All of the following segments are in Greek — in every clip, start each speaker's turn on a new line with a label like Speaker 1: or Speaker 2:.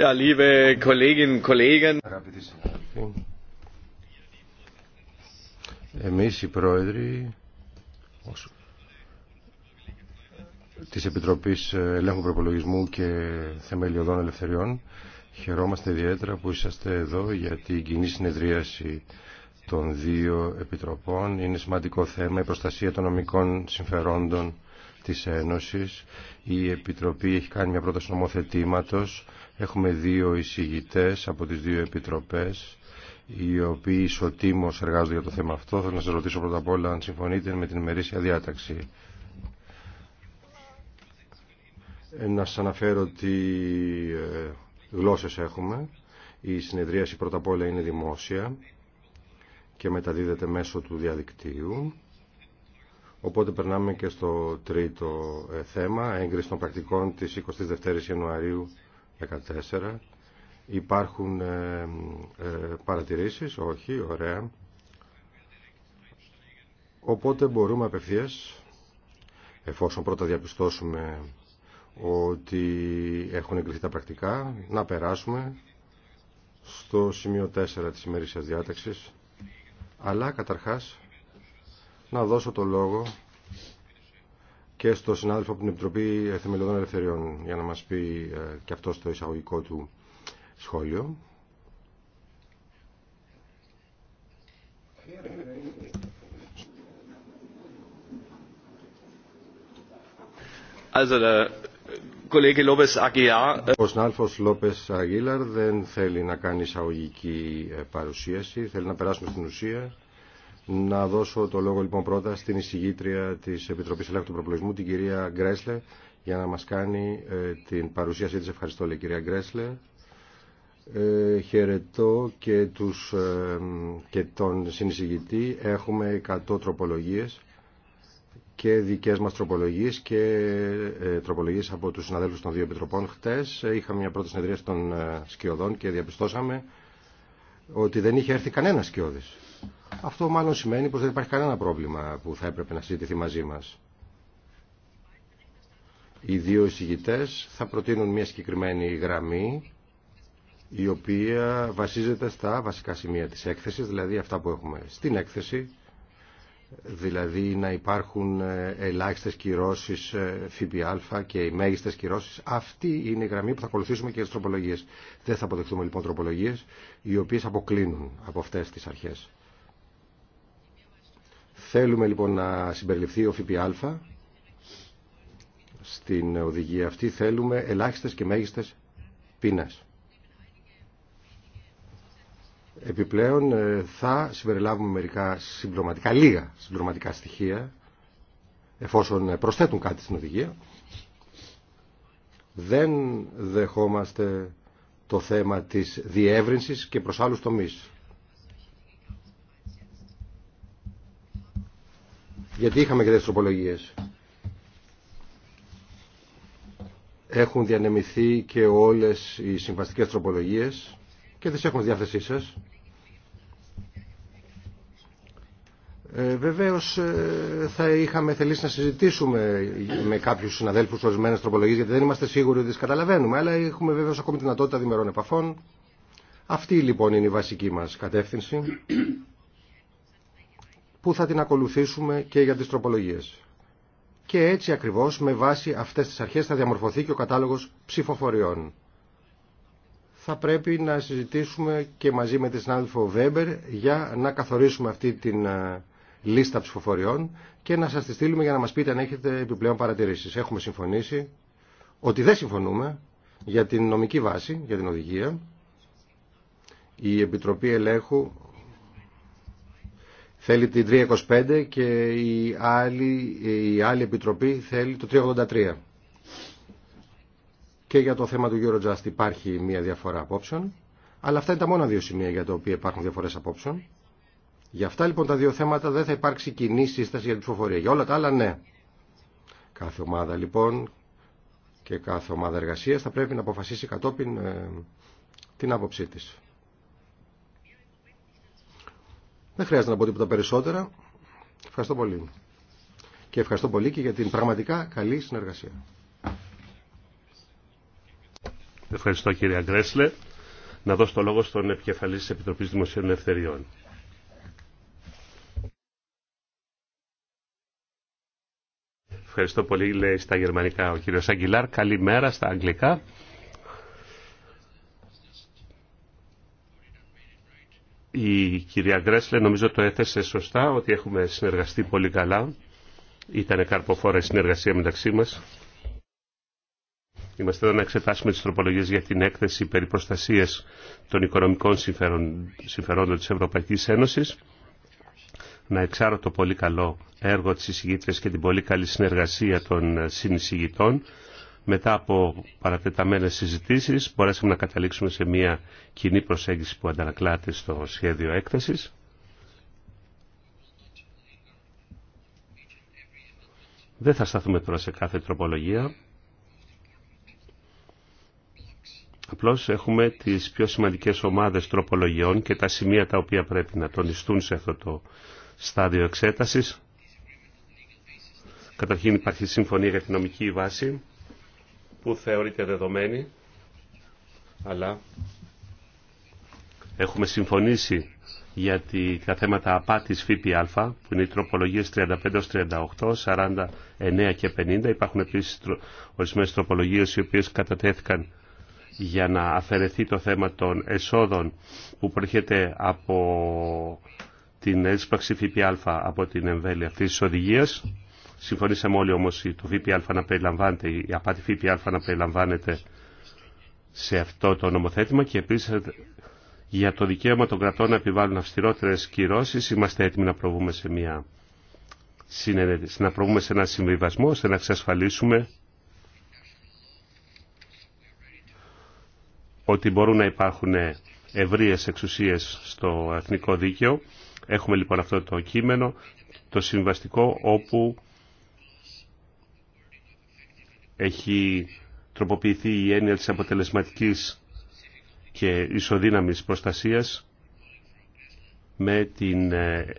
Speaker 1: Ja,
Speaker 2: liebe Kolleginnen und Kollegen, εμείς οι πρόεδροι της Επιτροπής Ελέγχου Προπολογισμού και Θεμελιωδών Ελευθεριών χαιρόμαστε ιδιαίτερα που είσαστε εδώ για την κοινή συνεδρίαση των δύο επιτροπών. Είναι σημαντικό θέμα η προστασία των νομικών συμφερόντων της Ένωσης. Η Επιτροπή έχει κάνει μια πρόταση νομοθετήματος. Έχουμε δύο εισηγητές από τις δύο επιτροπές οι οποίοι ισοτήμως εργάζονται για το θέμα αυτό. Θέλω να σας ρωτήσω πρώτα απ' όλα αν συμφωνείτε με την ημερήσια διάταξη. Ε, να σας αναφέρω ε, γλώσσες έχουμε. Η συνεδρίαση πρώτα απ' όλα είναι δημόσια και μεταδίδεται μέσω του διαδικτύου. Οπότε περνάμε και στο τρίτο ε, θέμα, έγκριση των πρακτικών της 22ης Ιανουαρίου 2014. Υπάρχουν ε, ε, παρατηρήσεις, όχι, ωραία. Οπότε μπορούμε απευθείας, εφόσον πρώτα διαπιστώσουμε ότι έχουν εγκριθεί τα πρακτικά, να περάσουμε στο σημείο 4 της ημερήσιας διάταξης. Αλλά καταρχάς να δώσω το λόγο και στο συνάδελφο από την Επιτροπή Θεμελιωδών Ελευθεριών για να μας πει ε, και αυτό το εισαγωγικό του σχόλιο. Äh, Ο συνάδελφος Λόπες Αγγίλαρ δεν θέλει να κάνει εισαγωγική ε, παρουσίαση, θέλει να περάσουμε στην ουσία να δώσω το λόγο λοιπόν πρώτα στην εισηγήτρια της Επιτροπής Ελέγχου του Προπολογισμού, την κυρία Γκρέσλε, για να μας κάνει ε, την παρουσίασή της. Ευχαριστώ, λέει κυρία Γκρέσλε. Ε, χαιρετώ και, τους, ε, και τον συνεισηγητή. Έχουμε 100 τροπολογίες και δικές μας τροπολογίες και ε, τροπολογίες από τους συναδέλφους των δύο επιτροπών. Χτες είχαμε μια πρώτη συνεδρία των ε, σκιωδών και διαπιστώσαμε ότι δεν είχε έρθει κανένα σκιώδης. Αυτό μάλλον σημαίνει πως δεν υπάρχει κανένα πρόβλημα που θα έπρεπε να συζητηθεί μαζί μας. Οι δύο εισηγητές θα προτείνουν μια συγκεκριμένη γραμμή η οποία βασίζεται στα βασικά σημεία της έκθεσης, δηλαδή αυτά που έχουμε στην έκθεση, δηλαδή να υπάρχουν ε, ελάχιστες κυρώσεις ε, ΦΠΑ και οι μέγιστες κυρώσεις. Αυτή είναι η γραμμή που θα ακολουθήσουμε και τις τροπολογίες. Δεν θα αποδεχτούμε λοιπόν τροπολογίες οι οποίες αποκλίνουν από αυτές τις αρχές. Θέλουμε λοιπόν να συμπεριληφθεί ο ΦΠΑ στην οδηγία αυτή. Θέλουμε ελάχιστες και μέγιστες πίνας. Επιπλέον ε, θα συμπεριλάβουμε μερικά συμπληρωματικά, λίγα συμπληρωματικά στοιχεία εφόσον προσθέτουν κάτι στην οδηγία. Δεν δεχόμαστε το θέμα της διεύρυνσης και προς άλλους τομείς. γιατί είχαμε και τροπολογίες. Έχουν διανεμηθεί και όλες οι συμβαστικές τροπολογίες και τις έχουν διάθεσή σας. Ε, βεβαίως ε, θα είχαμε θελήσει να συζητήσουμε με κάποιους συναδέλφους ορισμένε τροπολογίες γιατί δεν είμαστε σίγουροι ότι τις καταλαβαίνουμε αλλά έχουμε βεβαίως ακόμη δυνατότητα διμερών επαφών. Αυτή λοιπόν είναι η βασική μας κατεύθυνση που θα την ακολουθήσουμε και για τις τροπολογίες. Και έτσι ακριβώς με βάση αυτές τις αρχές θα διαμορφωθεί και ο κατάλογος ψηφοφοριών. Θα πρέπει να συζητήσουμε και μαζί με τη συνάδελφο Βέμπερ για να καθορίσουμε αυτή την ε, λίστα ψηφοφοριών και να σας τη στείλουμε για να μας πείτε αν έχετε επιπλέον παρατηρήσεις. Έχουμε συμφωνήσει ότι δεν συμφωνούμε για την νομική βάση, για την οδηγία. Η Επιτροπή Ελέγχου θέλει την 325 και η άλλη, η άλλη επιτροπή θέλει το 383. Και για το θέμα του Eurojust υπάρχει μια διαφορά απόψεων. Αλλά αυτά είναι τα μόνα δύο σημεία για τα οποία υπάρχουν διαφορέ απόψεων. Για αυτά λοιπόν τα δύο θέματα δεν θα υπάρξει κοινή σύσταση για την ψηφοφορία. Για όλα τα άλλα ναι. Κάθε ομάδα λοιπόν και κάθε ομάδα εργασία θα πρέπει να αποφασίσει κατόπιν ε, την άποψή της. Δεν χρειάζεται να πω τίποτα περισσότερα. Ευχαριστώ πολύ. Και ευχαριστώ πολύ και για την πραγματικά καλή συνεργασία.
Speaker 1: Ευχαριστώ κύριε Αγκρέσλε Να δώσω το λόγο στον επικεφαλής τη Επιτροπής Δημοσίων Ελευθεριών. Ευχαριστώ πολύ, λέει στα γερμανικά ο κύριος Αγγιλάρ. Καλημέρα στα αγγλικά. Η κυρία Γκρέσλε νομίζω το έθεσε σωστά ότι έχουμε συνεργαστεί πολύ καλά. Ήταν καρποφόρα η συνεργασία μεταξύ μας. Είμαστε εδώ να εξετάσουμε τις τροπολογίες για την έκθεση περί προστασίας των οικονομικών συμφερόντων της Ευρωπαϊκής Ένωσης. Να εξάρω το πολύ καλό έργο της εισηγήτρια και την πολύ καλή συνεργασία των συνεισηγητών. Μετά από παρατεταμένες συζητήσεις μπορέσαμε να καταλήξουμε σε μια κοινή προσέγγιση που αντανακλάται στο σχέδιο έκθεσης. Δεν θα σταθούμε τώρα σε κάθε τροπολογία. Απλώς έχουμε τις πιο σημαντικές ομάδες τροπολογιών και τα σημεία τα οποία πρέπει να τονιστούν σε αυτό το στάδιο εξέτασης. Καταρχήν υπάρχει συμφωνία για την νομική βάση που θεωρείται δεδομένη, αλλά έχουμε συμφωνήσει για τα θέματα απάτης ΦΠΑ, που είναι οι τροπολογίες 35-38, 49 και 50. Υπάρχουν επίσης ορισμένες τροπολογίες οι οποίες κατατέθηκαν για να αφαιρεθεί το θέμα των εσόδων που προέρχεται από την έσπαξη ΦΠΑ από την εμβέλεια αυτής της οδηγίας. Συμφωνήσαμε όλοι όμως το ΦΠΑ να περιλαμβάνεται, η απάτη ΦΠΑ να περιλαμβάνεται σε αυτό το νομοθέτημα και επίσης για το δικαίωμα των κρατών να επιβάλλουν αυστηρότερες κυρώσεις είμαστε έτοιμοι να προβούμε σε μια συνενέτηση, να προβούμε σε ένα συμβιβασμό ώστε να εξασφαλίσουμε ότι μπορούν να υπάρχουν ευρείες εξουσίες στο εθνικό δίκαιο. Έχουμε λοιπόν αυτό το κείμενο, το συμβαστικό, όπου έχει τροποποιηθεί η έννοια της αποτελεσματικής και ισοδύναμης προστασίας με την ε,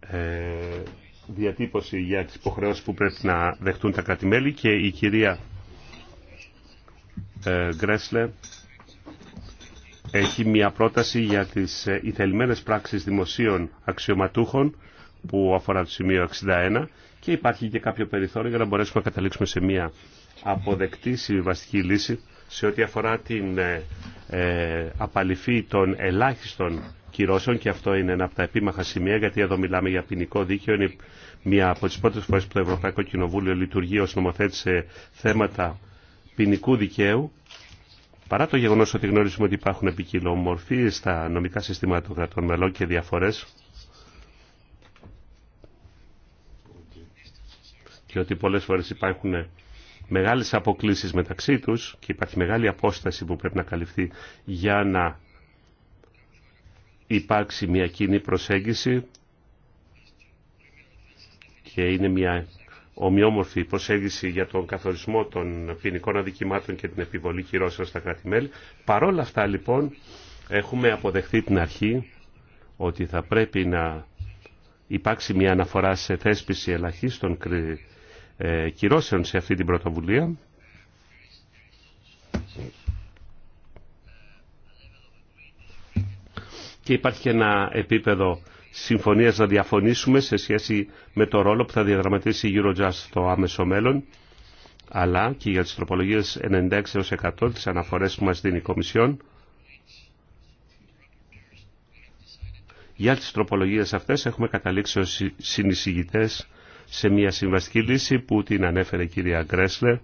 Speaker 1: ε, διατύπωση για τις υποχρεώσεις που πρέπει να δεχτούν τα κρατημέλη και η κυρία ε, Γκρέσλε έχει μια πρόταση για τις ε, ηθελημένες πράξεις δημοσίων αξιωματούχων που αφορά το σημείο 61 και υπάρχει και κάποιο περιθώριο για να μπορέσουμε να καταλήξουμε σε μια αποδεκτή συμβαστική λύση σε ό,τι αφορά την ε, ε, απαλυφή των ελάχιστων κυρώσεων και αυτό είναι ένα από τα επίμαχα σημεία γιατί εδώ μιλάμε για ποινικό δίκαιο. Είναι μια από τις πρώτες φορές που το Ευρωπαϊκό Κοινοβούλιο λειτουργεί ως νομοθέτη σε θέματα ποινικού δικαίου. Παρά το γεγονός ότι γνωρίζουμε ότι υπάρχουν επικοινωμορφίες στα νομικά συστήματα των κρατών μελών και διαφορές, και ότι πολλές φορές υπάρχουν μεγάλες αποκλίσεις μεταξύ τους και υπάρχει μεγάλη απόσταση που πρέπει να καλυφθεί για να υπάρξει μια κοινή προσέγγιση και είναι μια ομοιόμορφη προσέγγιση για τον καθορισμό των ποινικών αδικημάτων και την επιβολή κυρώσεων στα κράτη-μέλη. Παρόλα αυτά λοιπόν έχουμε αποδεχθεί την αρχή ότι θα πρέπει να υπάρξει μια αναφορά σε θέσπιση ελαχίστων ε, κυρώσεων σε αυτή την πρωτοβουλία. Και υπάρχει και ένα επίπεδο συμφωνίας να διαφωνήσουμε σε σχέση με το ρόλο που θα διαδραματίσει η Eurojust στο άμεσο μέλλον, αλλά και για τις τροπολογίες 96% της αναφορές που μας δίνει η Κομισιόν. Για τις τροπολογίες αυτές έχουμε καταλήξει ως συνεισηγητές σε μια συμβαστική λύση που την ανέφερε η κυρία Γκρέσλερ.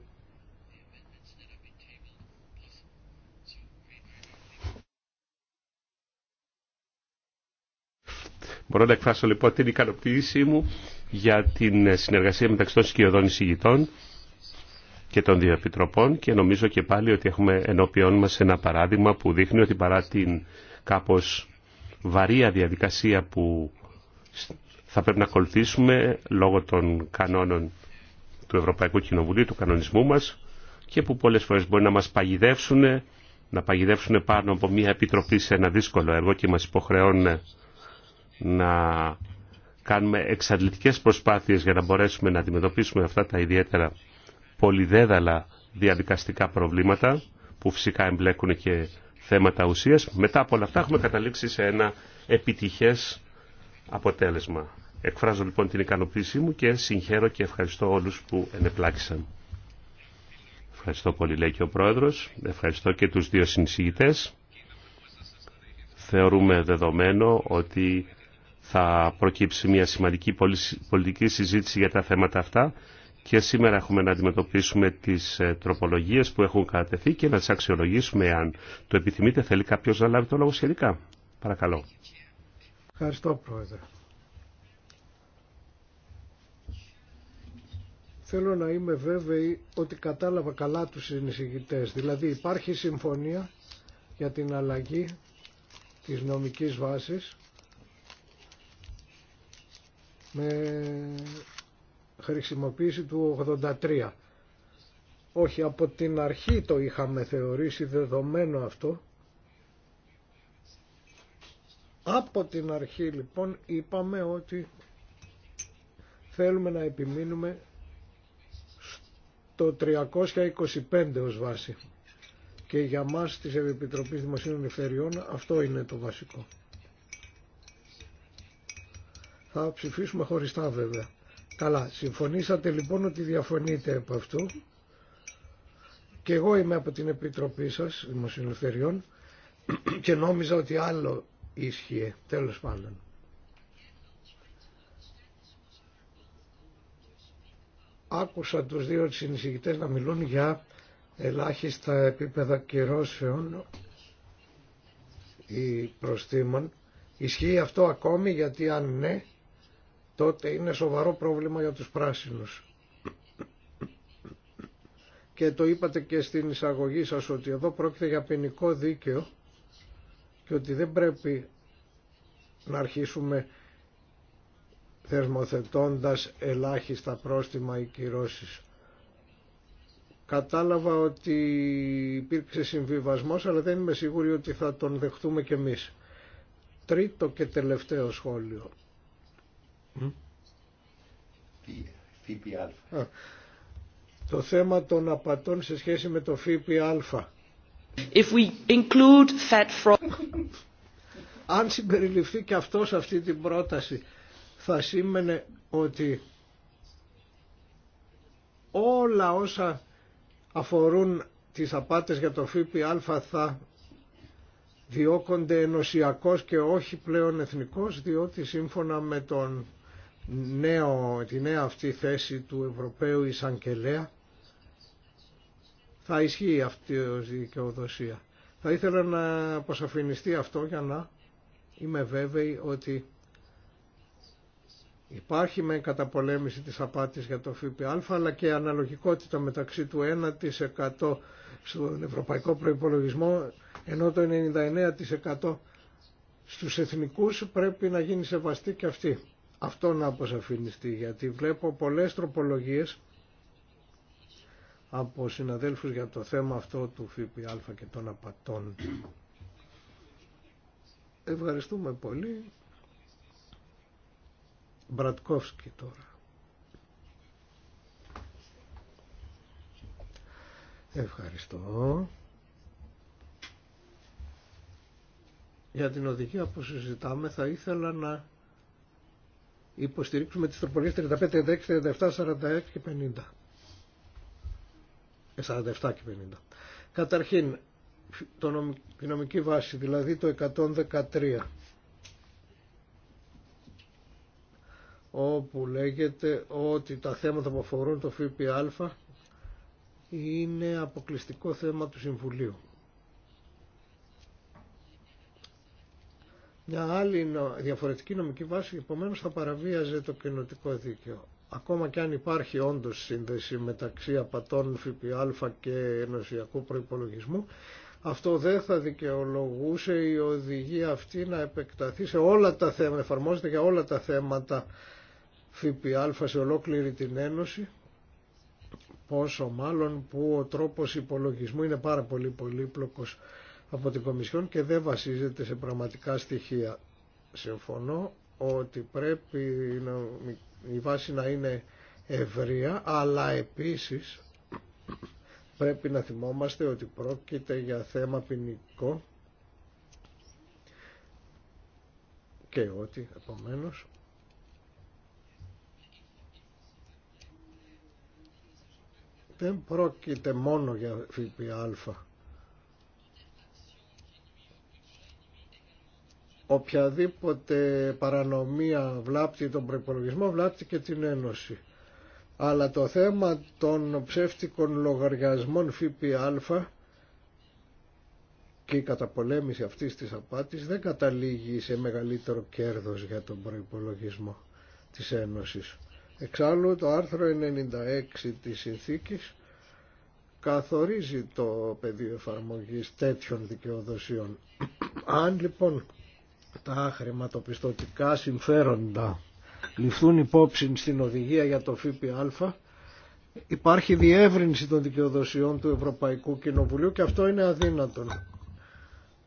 Speaker 1: Μπορώ να εκφράσω λοιπόν την ικανοποίησή μου για την συνεργασία μεταξύ των σκιωδών εισηγητών και των δύο επιτροπών και νομίζω και πάλι ότι έχουμε ενώπιόν μας ένα παράδειγμα που δείχνει ότι παρά την κάπως βαρία διαδικασία που θα πρέπει να ακολουθήσουμε λόγω των κανόνων του Ευρωπαϊκού Κοινοβουλίου, του κανονισμού μας και που πολλές φορές μπορεί να μας παγιδεύσουν, να παγιδεύσουν πάνω από μια επιτροπή σε ένα δύσκολο έργο και μας υποχρεώνουν να κάνουμε εξαντλητικές προσπάθειες για να μπορέσουμε να αντιμετωπίσουμε αυτά τα ιδιαίτερα πολυδέδαλα διαδικαστικά προβλήματα που φυσικά εμπλέκουν και θέματα ουσίας. Μετά από όλα αυτά έχουμε καταλήξει σε ένα επιτυχές αποτέλεσμα. Εκφράζω λοιπόν την ικανοποίησή μου και συγχαίρω και ευχαριστώ όλους που ενεπλάξαν. Ευχαριστώ πολύ λέει και ο Πρόεδρος, ευχαριστώ και τους δύο συνεισηγητές. Θεωρούμε δεδομένο ότι θα προκύψει μια σημαντική πολιτική συζήτηση για τα θέματα αυτά και σήμερα έχουμε να αντιμετωπίσουμε τις ε, τροπολογίες που έχουν κατατεθεί και να τις αξιολογήσουμε αν το επιθυμείτε θέλει κάποιος να λάβει το λόγο σχετικά. Παρακαλώ.
Speaker 3: Ευχαριστώ Πρόεδρε. Θέλω να είμαι βέβαιη ότι κατάλαβα καλά τους συνεισηγητές. Δηλαδή υπάρχει συμφωνία για την αλλαγή της νομικής βάσης με χρησιμοποίηση του 83. Όχι, από την αρχή το είχαμε θεωρήσει δεδομένο αυτό από την αρχή λοιπόν είπαμε ότι θέλουμε να επιμείνουμε στο 325 ως βάση. Και για μας της Επιτροπής Δημοσίων Ελευθεριών αυτό είναι το βασικό. Θα ψηφίσουμε χωριστά βέβαια. Καλά, συμφωνήσατε λοιπόν ότι διαφωνείτε από αυτού. Και εγώ είμαι από την Επιτροπή σας Δημοσίων Ελευθεριών και νόμιζα ότι άλλο ίσχυε, τέλος πάντων. Άκουσα τους δύο συνεισηγητές να μιλούν για ελάχιστα επίπεδα κυρώσεων ή προστήμων. Ισχύει αυτό ακόμη γιατί αν ναι, τότε είναι σοβαρό πρόβλημα για τους πράσινους. Και το είπατε και στην εισαγωγή σας ότι εδώ πρόκειται για ποινικό δίκαιο και ότι δεν πρέπει να αρχίσουμε θερμοθετώντας ελάχιστα πρόστιμα ή κυρώσεις. Κατάλαβα ότι υπήρξε συμβιβασμός, αλλά δεν είμαι σίγουρη ότι θα τον δεχτούμε κι εμείς. Τρίτο και τελευταίο σχόλιο. Το θέμα των απατών σε σχέση με το ΦΠΑ. Αν συμπεριληφθεί και αυτό σε αυτή την πρόταση θα σήμαινε ότι όλα όσα αφορούν τις απάτες για το ΦΠΑ θα διώκονται ενωσιακός και όχι πλέον εθνικός διότι σύμφωνα με τον νέο, τη νέα αυτή θέση του Ευρωπαίου Ισαγγελέα θα ισχύει αυτή η δικαιοδοσία. Θα ήθελα να αποσαφινιστεί αυτό για να είμαι βέβαιη ότι υπάρχει με καταπολέμηση της απάτης για το ΦΠΑ αλλά και αναλογικότητα μεταξύ του 1% στον ευρωπαϊκό προϋπολογισμό ενώ το 99% στους εθνικούς πρέπει να γίνει σεβαστή και αυτή. Αυτό να αποσαφινιστεί γιατί βλέπω πολλές τροπολογίες από συναδέλφους για το θέμα αυτό του ΦΠΑ και των απατών. Ευχαριστούμε πολύ. Μπρατκόφσκι τώρα. Ευχαριστώ. Για την οδηγία που συζητάμε θα ήθελα να υποστηρίξουμε τις τροπολογίες 35, 36, 37, 46 και 50. 47 και Καταρχήν, το η νομική βάση, δηλαδή το 113, όπου λέγεται ότι τα θέματα που αφορούν το ΦΠΑ είναι αποκλειστικό θέμα του Συμβουλίου. Μια άλλη διαφορετική νομική βάση, επομένω θα παραβίαζε το κοινοτικό δίκαιο ακόμα και αν υπάρχει όντως σύνδεση μεταξύ απατών ΦΠΑ και ενωσιακού προϋπολογισμού, αυτό δεν θα δικαιολογούσε η οδηγία αυτή να επεκταθεί σε όλα τα θέματα, εφαρμόζεται για όλα τα θέματα ΦΠΑ σε ολόκληρη την Ένωση, πόσο μάλλον που ο τρόπος υπολογισμού είναι πάρα πολύ πολύπλοκος από την Κομισιόν και δεν βασίζεται σε πραγματικά στοιχεία. Συμφωνώ ότι πρέπει να, η βάση να είναι ευρεία, αλλά επίσης πρέπει να θυμόμαστε ότι πρόκειται για θέμα ποινικό και ότι επομένως δεν πρόκειται μόνο για ΦΠΑ οποιαδήποτε παρανομία βλάπτει τον προπολογισμό, βλάπτει και την Ένωση. Αλλά το θέμα των ψεύτικων λογαριασμών ΦΠΑ και η καταπολέμηση αυτής της απάτης δεν καταλήγει σε μεγαλύτερο κέρδος για τον προϋπολογισμό της Ένωσης. Εξάλλου το άρθρο 96 της συνθήκης καθορίζει το πεδίο εφαρμογής τέτοιων δικαιοδοσιών. Αν λοιπόν τα χρηματοπιστωτικά συμφέροντα ληφθούν υπόψη στην οδηγία για το ΦΠΑ υπάρχει διεύρυνση των δικαιοδοσιών του Ευρωπαϊκού Κοινοβουλίου και αυτό είναι αδύνατο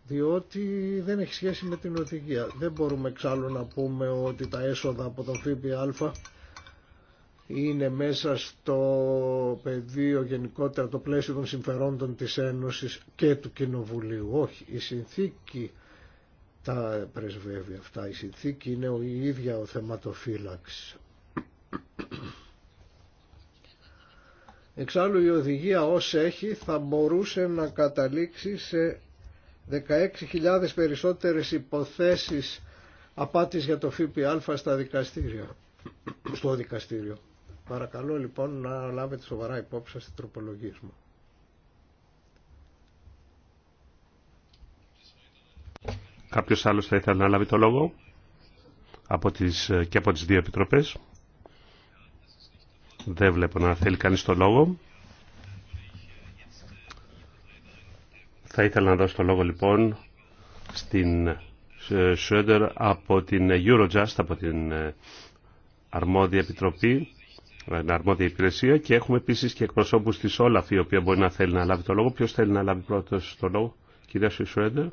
Speaker 3: διότι δεν έχει σχέση με την οδηγία. Δεν μπορούμε εξάλλου να πούμε ότι τα έσοδα από το ΦΠΑ είναι μέσα στο πεδίο γενικότερα το πλαίσιο των συμφερόντων της Ένωσης και του Κοινοβουλίου. Όχι, η συνθήκη τα πρεσβεύει αυτά. Η συνθήκη είναι η ίδια ο θέματοφύλαξη. Εξάλλου η οδηγία ως έχει θα μπορούσε να καταλήξει σε 16.000 περισσότερες υποθέσεις απάτης για το ΦΠΑ στα δικαστήρια. στο δικαστήριο. Παρακαλώ λοιπόν να λάβετε σοβαρά υπόψη σας την τροπολογία μου.
Speaker 1: Κάποιος άλλος θα ήθελε να λάβει το λόγο από τις, και από τις δύο επιτροπές. Δεν βλέπω να θέλει κανείς το λόγο. Θα ήθελα να δώσω το λόγο λοιπόν στην Σουέντερ από την Eurojust, από την ε, αρμόδια επιτροπή, ε, την αρμόδια υπηρεσία και έχουμε επίσης και εκπροσώπους της όλα η οποία μπορεί να θέλει να λάβει το λόγο. Ποιος θέλει να λάβει πρώτος το λόγο, κυρία Σουέντερ.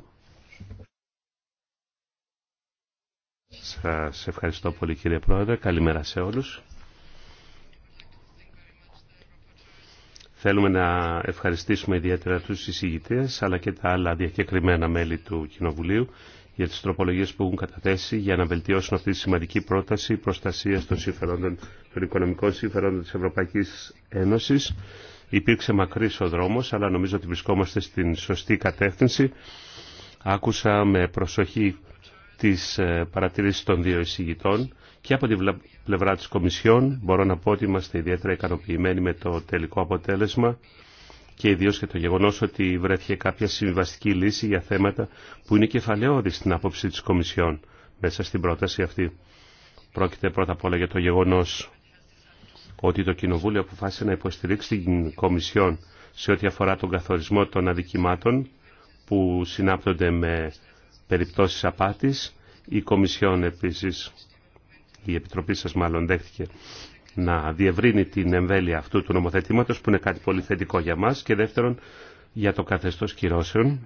Speaker 1: Σας ευχαριστώ πολύ κύριε Πρόεδρε. Καλημέρα σε όλους. Θέλουμε να ευχαριστήσουμε ιδιαίτερα τους εισηγητές αλλά και τα άλλα διακεκριμένα μέλη του Κοινοβουλίου για τις τροπολογίες που έχουν καταθέσει για να βελτιώσουν αυτή τη σημαντική πρόταση προστασίας των, συμφερόντων, των οικονομικών συμφερόντων της Ευρωπαϊκής Ένωσης. Υπήρξε μακρύς ο δρόμος, αλλά νομίζω ότι βρισκόμαστε στην σωστή κατεύθυνση. Άκουσα με προσοχή τις ε, παρατηρήσεις των δύο εισηγητών και από την πλευρά της Κομισιόν μπορώ να πω ότι είμαστε ιδιαίτερα ικανοποιημένοι με το τελικό αποτέλεσμα και ιδίως και το γεγονός ότι βρέθηκε κάποια συμβιβαστική λύση για θέματα που είναι κεφαλαιόδη στην άποψη της Κομισιόν μέσα στην πρόταση αυτή. Πρόκειται πρώτα απ' όλα για το γεγονός ότι το Κοινοβούλιο αποφάσισε να υποστηρίξει την Κομισιόν σε ό,τι αφορά τον καθορισμό των αδικημάτων που συνάπτονται με περιπτώσεις απάτης. Η Κομισιόν επίσης, η Επιτροπή σας μάλλον δέχτηκε να διευρύνει την εμβέλεια αυτού του νομοθετήματος που είναι κάτι πολύ θετικό για μας και δεύτερον για το καθεστώς κυρώσεων.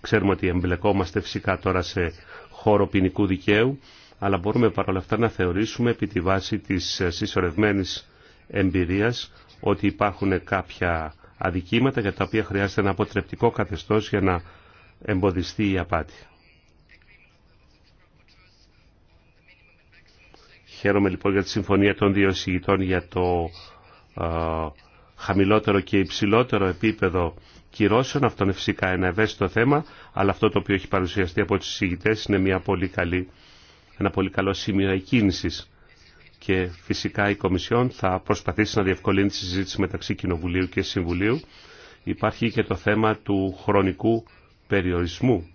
Speaker 1: Ξέρουμε ότι εμπλεκόμαστε φυσικά τώρα σε χώρο ποινικού δικαίου αλλά μπορούμε παρόλα αυτά να θεωρήσουμε επί τη βάση της συσσωρευμένης εμπειρίας ότι υπάρχουν κάποια αδικήματα για τα οποία χρειάζεται ένα αποτρεπτικό καθεστώς για να εμποδιστεί η απάτη. Χαίρομαι λοιπόν για τη συμφωνία των δύο συγητών για το χαμηλότερο και υψηλότερο επίπεδο κυρώσεων. Αυτό είναι φυσικά ένα ευαίσθητο θέμα, αλλά αυτό το οποίο έχει παρουσιαστεί από τους συγητές είναι μια πολύ καλή, ένα πολύ καλό σημείο εκκίνησης. Και φυσικά η Κομισιόν θα προσπαθήσει να διευκολύνει τη συζήτηση μεταξύ Κοινοβουλίου και Συμβουλίου. Υπάρχει και το θέμα του χρονικού περιορισμού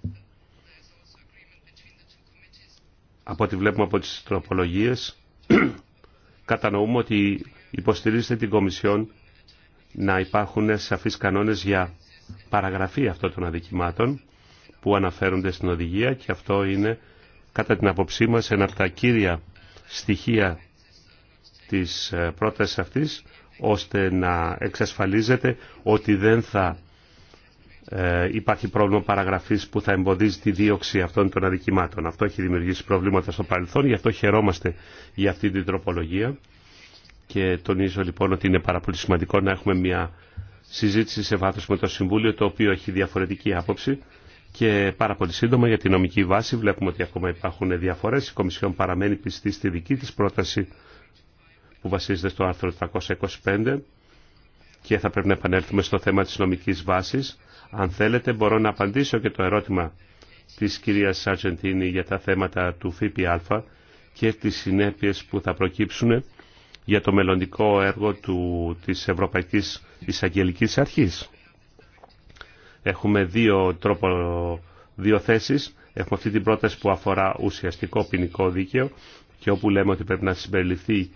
Speaker 1: από ό,τι βλέπουμε από τις τροπολογίες κατανοούμε ότι υποστηρίζεται την Κομισιόν να υπάρχουν σαφείς κανόνες για παραγραφή αυτών των αδικημάτων που αναφέρονται στην οδηγία και αυτό είναι κατά την απόψή μας ένα από τα κύρια στοιχεία της ε, πρότασης αυτής ώστε να εξασφαλίζεται ότι δεν θα ε, υπάρχει πρόβλημα παραγραφής που θα εμποδίζει τη δίωξη αυτών των αδικημάτων. Αυτό έχει δημιουργήσει προβλήματα στο παρελθόν, γι' αυτό χαιρόμαστε για αυτή την τροπολογία και τονίζω λοιπόν ότι είναι πάρα πολύ σημαντικό να έχουμε μια συζήτηση σε βάθος με το Συμβούλιο το οποίο έχει διαφορετική άποψη και πάρα πολύ σύντομα για τη νομική βάση βλέπουμε ότι ακόμα υπάρχουν διαφορές. Η Κομισιόν παραμένει πιστή στη δική της πρόταση που βασίζεται στο άρθρο 325 και θα πρέπει να επανέλθουμε στο θέμα της νομικής βάσης αν θέλετε μπορώ να απαντήσω και το ερώτημα της κυρίας Σαρτζεντίνη για τα θέματα του ΦΠΑ και τις συνέπειες που θα προκύψουν για το μελλοντικό έργο του, της Ευρωπαϊκής Εισαγγελικής Αρχής. Έχουμε δύο, τρόπο, δύο θέσεις. Έχουμε αυτή την πρόταση που αφορά ουσιαστικό ποινικό δίκαιο και όπου λέμε ότι πρέπει να συμπεριληφθεί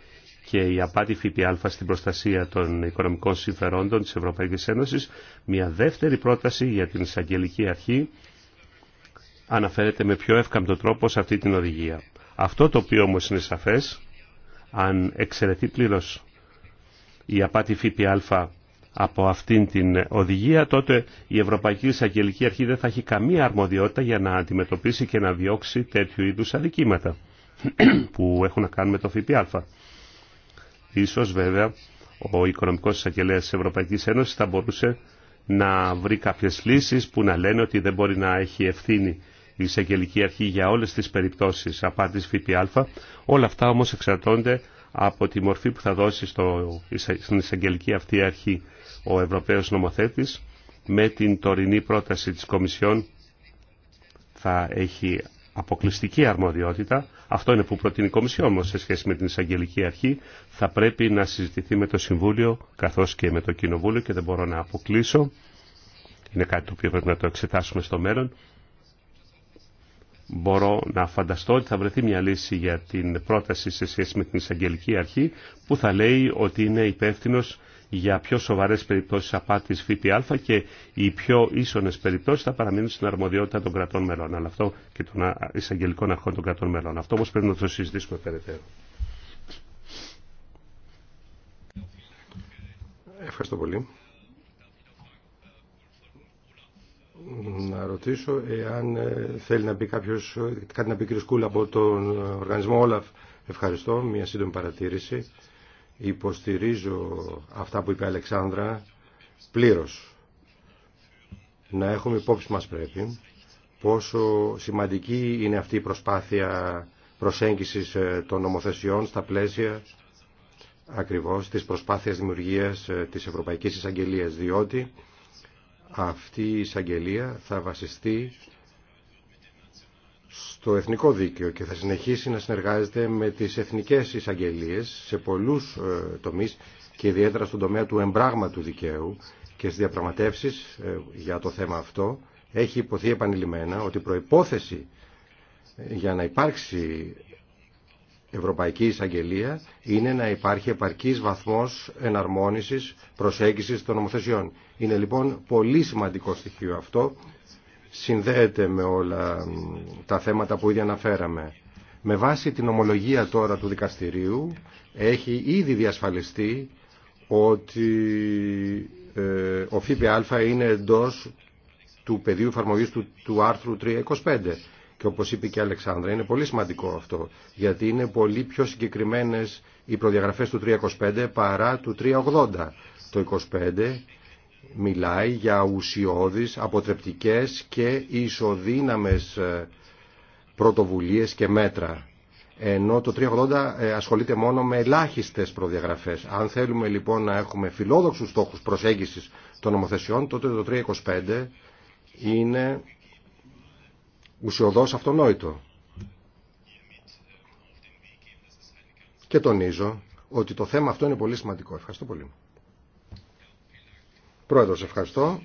Speaker 1: και η απάτη ΦΠΑ στην προστασία των οικονομικών συμφερόντων της Ευρωπαϊκής Ένωσης. Μια δεύτερη πρόταση για την εισαγγελική αρχή αναφέρεται με πιο εύκαμπτο τρόπο σε αυτή την οδηγία. Αυτό το οποίο όμως είναι σαφές, αν εξαιρεθεί πλήρω η απάτη ΦΠΑ από αυτήν την οδηγία, τότε η Ευρωπαϊκή Εισαγγελική Αρχή δεν θα έχει καμία αρμοδιότητα για να αντιμετωπίσει και να διώξει τέτοιου είδους αδικήματα που έχουν να κάνουν με το ΦΠΑ. Ίσως βέβαια ο οικονομικός εισαγγελέας της Ευρωπαϊκής Ένωσης θα μπορούσε να βρει κάποιες λύσεις που να λένε ότι δεν μπορεί να έχει ευθύνη η εισαγγελική αρχή για όλες τις περιπτώσεις απάντης ΦΠΑ. Όλα αυτά όμως εξαρτώνται από τη μορφή που θα δώσει στο, στην εισαγγελική αυτή αρχή ο Ευρωπαίος νομοθέτης με την τωρινή πρόταση της Κομισιόν θα έχει αποκλειστική αρμοδιότητα, αυτό είναι που προτείνει η Κομισιόν όμως σε σχέση με την εισαγγελική αρχή, θα πρέπει να συζητηθεί με το Συμβούλιο καθώς και με το Κοινοβούλιο και δεν μπορώ να αποκλείσω. Είναι κάτι το οποίο πρέπει να το εξετάσουμε στο μέλλον. Μπορώ να φανταστώ ότι θα βρεθεί μια λύση για την πρόταση σε σχέση με την εισαγγελική αρχή που θα λέει ότι είναι υπεύθυνο για πιο σοβαρές περιπτώσεις απάτης ΦΠΑ και οι πιο ίσονες περιπτώσεις θα παραμείνουν στην αρμοδιότητα των κρατών μελών αλλά αυτό και των εισαγγελικών αρχών των κρατών μελών. Αυτό όμως πρέπει να το συζητήσουμε περαιτέρω. Ευχαριστώ
Speaker 2: πολύ. Να ρωτήσω εάν ε, θέλει να πει κάποιος, ε, κάτι να πει κ. Σκούλα από τον ε, οργανισμό Όλαφ. Ευχαριστώ. Μια σύντομη παρατήρηση υποστηρίζω αυτά που είπε η Αλεξάνδρα πλήρως. Να έχουμε υπόψη μας πρέπει πόσο σημαντική είναι αυτή η προσπάθεια προσέγγισης ε, των νομοθεσιών στα πλαίσια ακριβώς της προσπάθειας δημιουργίας ε, της Ευρωπαϊκής Εισαγγελίας, διότι αυτή η εισαγγελία θα βασιστεί στο εθνικό δίκαιο και θα συνεχίσει να συνεργάζεται με τις εθνικές εισαγγελίες σε πολλούς ε, τομείς και ιδιαίτερα στον τομέα του εμπράγματου δικαίου και στις διαπραγματεύσεις ε, για το θέμα αυτό έχει υποθεί επανειλημμένα ότι η προϋπόθεση ε, για να υπάρξει Ευρωπαϊκή Εισαγγελία είναι να υπάρχει επαρκής βαθμός εναρμόνισης προσέγγισης των νομοθεσιών. Είναι λοιπόν πολύ σημαντικό στοιχείο αυτό συνδέεται με όλα τα θέματα που ήδη αναφέραμε. Με βάση την ομολογία τώρα του δικαστηρίου έχει ήδη διασφαλιστεί ότι ε, ο ΦΠΑ είναι εντός του πεδίου εφαρμογής του, του άρθρου 325. Και όπως είπε και η Αλεξάνδρα, είναι πολύ σημαντικό αυτό, γιατί είναι πολύ πιο συγκεκριμένες οι προδιαγραφές του 325 παρά του 380. Το μιλάει για ουσιώδεις, αποτρεπτικές και ισοδύναμες ε, πρωτοβουλίες και μέτρα. Ενώ το 380 ε, ασχολείται μόνο με ελάχιστες προδιαγραφές. Αν θέλουμε λοιπόν να έχουμε φιλόδοξους στόχους προσέγγισης των νομοθεσιών, τότε το 325 είναι ουσιοδός αυτονόητο. Και τονίζω ότι το θέμα αυτό είναι πολύ σημαντικό. Ευχαριστώ πολύ. Πρόεδρος, ευχαριστώ.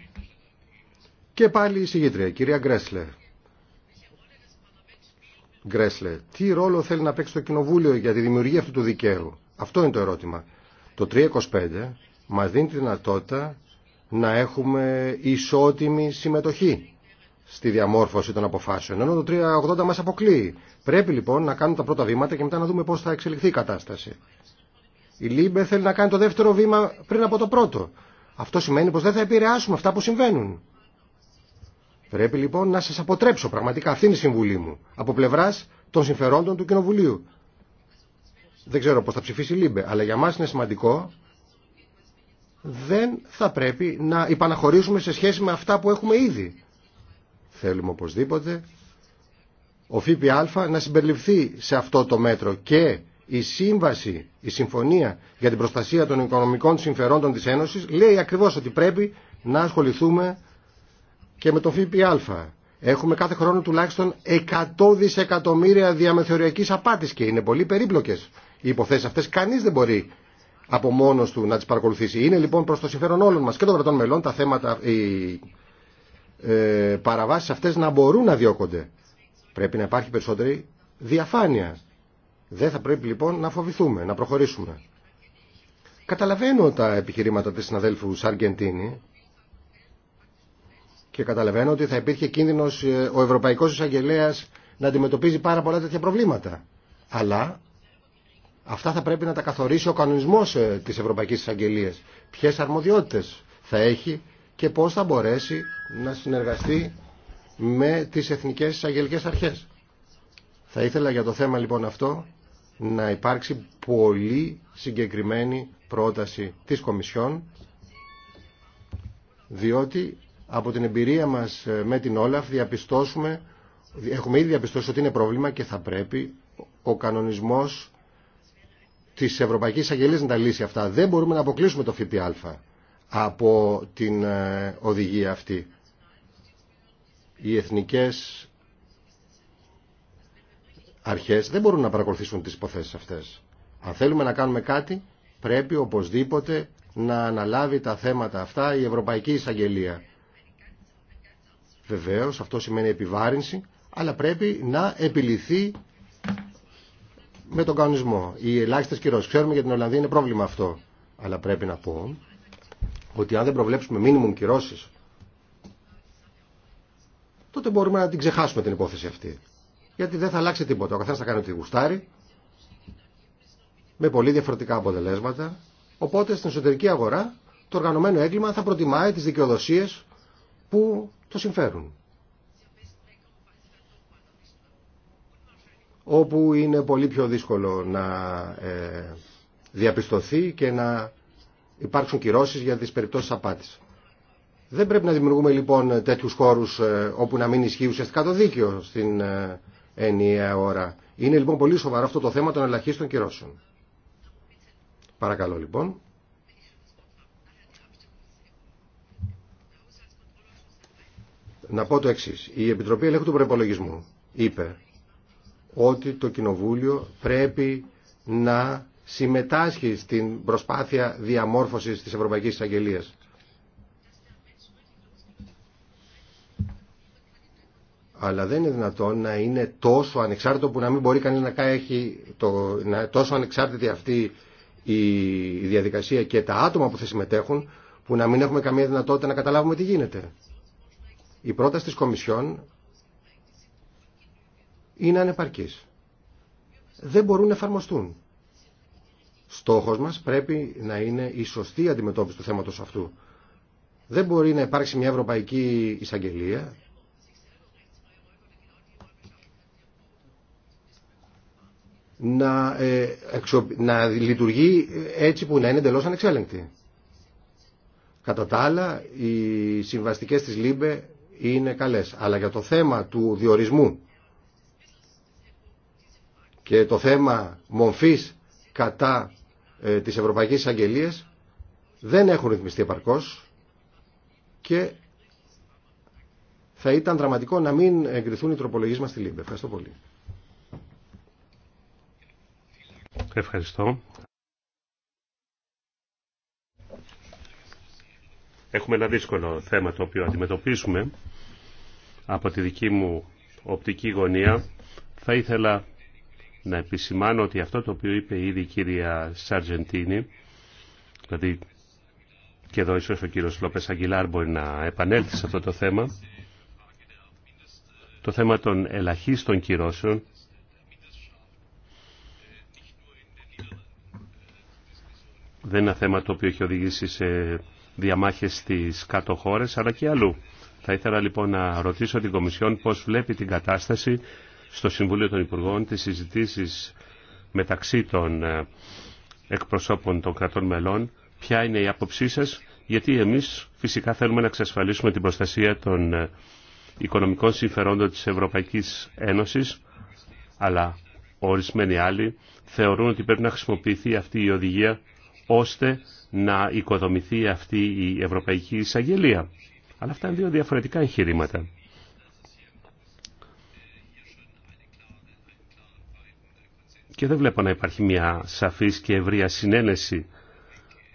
Speaker 2: Και πάλι η συγγήτρια, κυρία Γκρέσλε. Γκρέσλε, τι ρόλο θέλει να παίξει το Κοινοβούλιο για τη δημιουργία αυτού του δικαίου. Αυτό είναι το ερώτημα. Το 325 μας δίνει τη δυνατότητα να έχουμε ισότιμη συμμετοχή στη διαμόρφωση των αποφάσεων. Ενώ το 380 μας αποκλείει. Πρέπει λοιπόν να κάνουμε τα πρώτα βήματα και μετά να δούμε πώς θα εξελιχθεί η κατάσταση. Η Λίμπε θέλει να κάνει το δεύτερο βήμα πριν από το πρώτο. Αυτό σημαίνει πως δεν θα επηρεάσουμε αυτά που συμβαίνουν. Πρέπει λοιπόν να σας αποτρέψω πραγματικά. Αυτή είναι η συμβουλή μου. Από πλευράς των συμφερόντων του Κοινοβουλίου. Δεν ξέρω πώς θα ψηφίσει η Λίμπε, αλλά για μας είναι σημαντικό δεν θα πρέπει να υπαναχωρήσουμε σε σχέση με αυτά που έχουμε ήδη. Θέλουμε οπωσδήποτε ο ΦΠΑ να συμπεριληφθεί σε αυτό το μέτρο και η σύμβαση, η συμφωνία για την προστασία των οικονομικών συμφερόντων της Ένωσης λέει ακριβώς ότι πρέπει να ασχοληθούμε και με το ΦΠΑ. Έχουμε κάθε χρόνο τουλάχιστον 100 δισεκατομμύρια διαμεθοριακής απάτης και είναι πολύ περίπλοκες οι υποθέσεις αυτές. Κανείς δεν μπορεί από μόνος του να τις παρακολουθήσει. Είναι λοιπόν προς το συμφέρον όλων μας και των κρατών μελών τα θέματα, οι ε, παραβάσεις αυτές να μπορούν να διώκονται. Πρέπει να υπάρχει περισσότερη διαφάνεια δεν θα πρέπει λοιπόν να φοβηθούμε, να προχωρήσουμε. Καταλαβαίνω τα επιχειρήματα της συναδέλφου Σαργεντίνη και καταλαβαίνω ότι θα υπήρχε κίνδυνος ε, ο Ευρωπαϊκός εισαγγελέα να αντιμετωπίζει πάρα πολλά τέτοια προβλήματα. Αλλά αυτά θα πρέπει να τα καθορίσει ο κανονισμός ε, της Ευρωπαϊκής Εισαγγελίας. Ποιες αρμοδιότητες θα έχει και πώς θα μπορέσει να συνεργαστεί με τις εθνικές εισαγγελικές αρχές. Θα ήθελα για το θέμα λοιπόν αυτό να υπάρξει πολύ συγκεκριμένη πρόταση της Κομισιόν διότι από την εμπειρία μας ε, με την Όλαφ διαπιστώσουμε, έχουμε ήδη διαπιστώσει ότι είναι πρόβλημα και θα πρέπει ο κανονισμός της Ευρωπαϊκής Αγγελίας να τα λύσει αυτά. Δεν μπορούμε να αποκλείσουμε το ΦΠΑ από την ε, οδηγία αυτή. Οι εθνικές αρχές δεν μπορούν να παρακολουθήσουν τις υποθέσεις αυτές. Αν θέλουμε να κάνουμε κάτι, πρέπει οπωσδήποτε να αναλάβει τα θέματα αυτά η Ευρωπαϊκή Εισαγγελία. Βεβαίως, αυτό σημαίνει επιβάρυνση, αλλά πρέπει να επιληθεί με τον κανονισμό. Οι ελάχιστε κυρώσει. Ξέρουμε για την Ολλανδία είναι πρόβλημα αυτό. Αλλά πρέπει να πω ότι αν δεν προβλέψουμε μίνιμουμ κυρώσει, τότε μπορούμε να την ξεχάσουμε την υπόθεση αυτή γιατί δεν θα αλλάξει τίποτα. Ο καθένα θα κάνει ό,τι γουστάρει, με πολύ διαφορετικά αποτελέσματα. Οπότε στην εσωτερική αγορά το οργανωμένο έγκλημα θα προτιμάει τις δικαιοδοσίες που το συμφέρουν. όπου είναι πολύ πιο δύσκολο να ε, διαπιστωθεί και να υπάρξουν κυρώσεις για τις περιπτώσεις απάτης. Δεν πρέπει να δημιουργούμε λοιπόν τέτοιους χώρους ε, όπου να μην ισχύει ουσιαστικά το δίκαιο στην ε, ενιαία ώρα. Είναι λοιπόν πολύ σοβαρό αυτό το θέμα των ελαχίστων κυρώσεων. Παρακαλώ λοιπόν. Να πω το εξή. Η Επιτροπή Ελέγχου του Προπολογισμού είπε ότι το Κοινοβούλιο πρέπει να συμμετάσχει στην προσπάθεια διαμόρφωσης της Ευρωπαϊκής Εισαγγελίας. αλλά δεν είναι δυνατόν να είναι τόσο ανεξάρτητο που να μην μπορεί κανείς να έχει τόσο ανεξάρτητη αυτή η, διαδικασία και τα άτομα που θα συμμετέχουν που να μην έχουμε καμία δυνατότητα να καταλάβουμε τι γίνεται. Η πρόταση της Κομισιόν είναι ανεπαρκής. Δεν μπορούν να εφαρμοστούν. Στόχος μας πρέπει να είναι η σωστή αντιμετώπιση του θέματος αυτού. Δεν μπορεί να υπάρξει μια ευρωπαϊκή εισαγγελία να, ε, να λειτουργεί έτσι που να είναι εντελώς ανεξέλεγκτη. Κατά τα άλλα, οι συμβαστικές της ΛΥΜΠΕ είναι καλές. Αλλά για το θέμα του διορισμού και το θέμα μομφής κατά ε, της Ευρωπαϊκής δεν έχουν ρυθμιστεί επαρκώς και θα ήταν δραματικό να μην εγκριθούν οι τροπολογίες μας στη ΛΥΜΠΕ. Ευχαριστώ πολύ.
Speaker 1: Ευχαριστώ. Έχουμε ένα δύσκολο θέμα το οποίο αντιμετωπίσουμε από τη δική μου οπτική γωνία. Θα ήθελα να επισημάνω ότι αυτό το οποίο είπε ήδη η κυρία Σαρτζεντίνη, δηλαδή και εδώ ίσως ο κύριος Λόπες Αγγιλάρ μπορεί να επανέλθει σε αυτό το θέμα, το θέμα των ελαχίστων κυρώσεων δεν είναι ένα θέμα το οποίο έχει οδηγήσει σε διαμάχες στις κάτω χώρες, αλλά και αλλού. Θα ήθελα λοιπόν να ρωτήσω την Κομισιόν πώς βλέπει την κατάσταση στο Συμβούλιο των Υπουργών, τις συζητήσεις μεταξύ των ε, εκπροσώπων των κρατών μελών, ποια είναι η άποψή σας, γιατί εμείς φυσικά θέλουμε να εξασφαλίσουμε την προστασία των ε, οικονομικών συμφερόντων της Ευρωπαϊκής Ένωσης, αλλά ορισμένοι άλλοι θεωρούν ότι πρέπει να χρησιμοποιηθεί αυτή η οδηγία ώστε να οικοδομηθεί αυτή η Ευρωπαϊκή Εισαγγελία. Αλλά αυτά είναι δύο διαφορετικά εγχειρήματα. Και δεν βλέπω να υπάρχει μια σαφής και ευρία συνένεση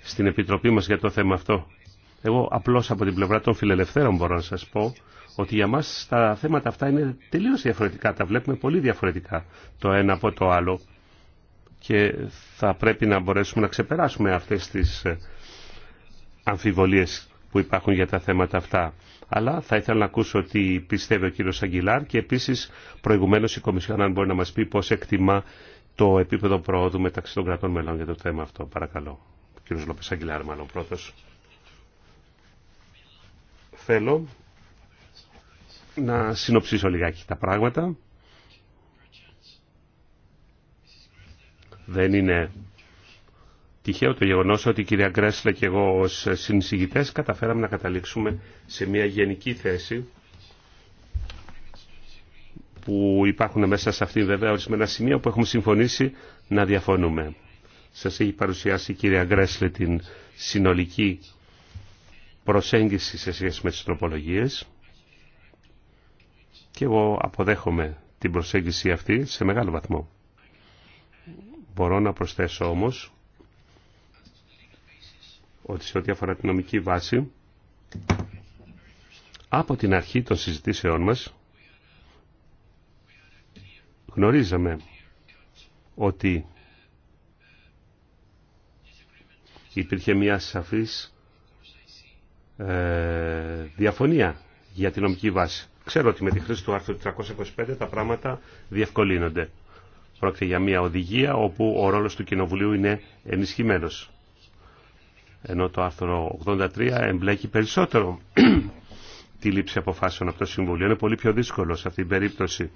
Speaker 1: στην Επιτροπή μας για το θέμα αυτό. Εγώ απλώς από την πλευρά των φιλελευθέρων μπορώ να σας πω ότι για μας τα θέματα αυτά είναι τελείως διαφορετικά, τα βλέπουμε πολύ διαφορετικά το ένα από το άλλο και θα πρέπει να μπορέσουμε να ξεπεράσουμε αυτές τις ε, αμφιβολίες που υπάρχουν για τα θέματα αυτά. Αλλά θα ήθελα να ακούσω τι πιστεύει ο κύριος Αγγιλάρ και επίσης προηγουμένως η Κομισιόν αν μπορεί να μας πει πώς εκτιμά το επίπεδο προόδου μεταξύ των κρατών μελών για το θέμα αυτό. Παρακαλώ. κύριος Λόπες Αγγιλάρ μάλλον πρώτος. Θέλω να συνοψίσω λιγάκι τα πράγματα. Δεν είναι τυχαίο το γεγονός ότι η κυρία Γκρέσλε και εγώ ως συνεισηγητές καταφέραμε να καταλήξουμε σε μια γενική θέση που υπάρχουν μέσα σε αυτήν βέβαια ορισμένα σημεία που έχουμε συμφωνήσει να διαφωνούμε. Σας έχει παρουσιάσει η κυρία Γκρέσλε την συνολική προσέγγιση σε σχέση με τις τροπολογίες και εγώ αποδέχομαι την προσέγγιση αυτή σε μεγάλο βαθμό. Μπορώ να προσθέσω όμως ότι σε ό,τι αφορά την νομική βάση από την αρχή των συζητήσεών μας γνωρίζαμε ότι υπήρχε μια σαφής ε, διαφωνία για την νομική βάση. Ξέρω ότι με τη χρήση του άρθρου 325 τα πράγματα διευκολύνονται. Πρόκειται για μια οδηγία όπου ο ρόλος του Κοινοβουλίου είναι ενισχυμένος. Ενώ το άρθρο 83 εμπλέκει περισσότερο τη λήψη αποφάσεων από το Συμβούλιο. Είναι πολύ πιο δύσκολο σε αυτή την περίπτωση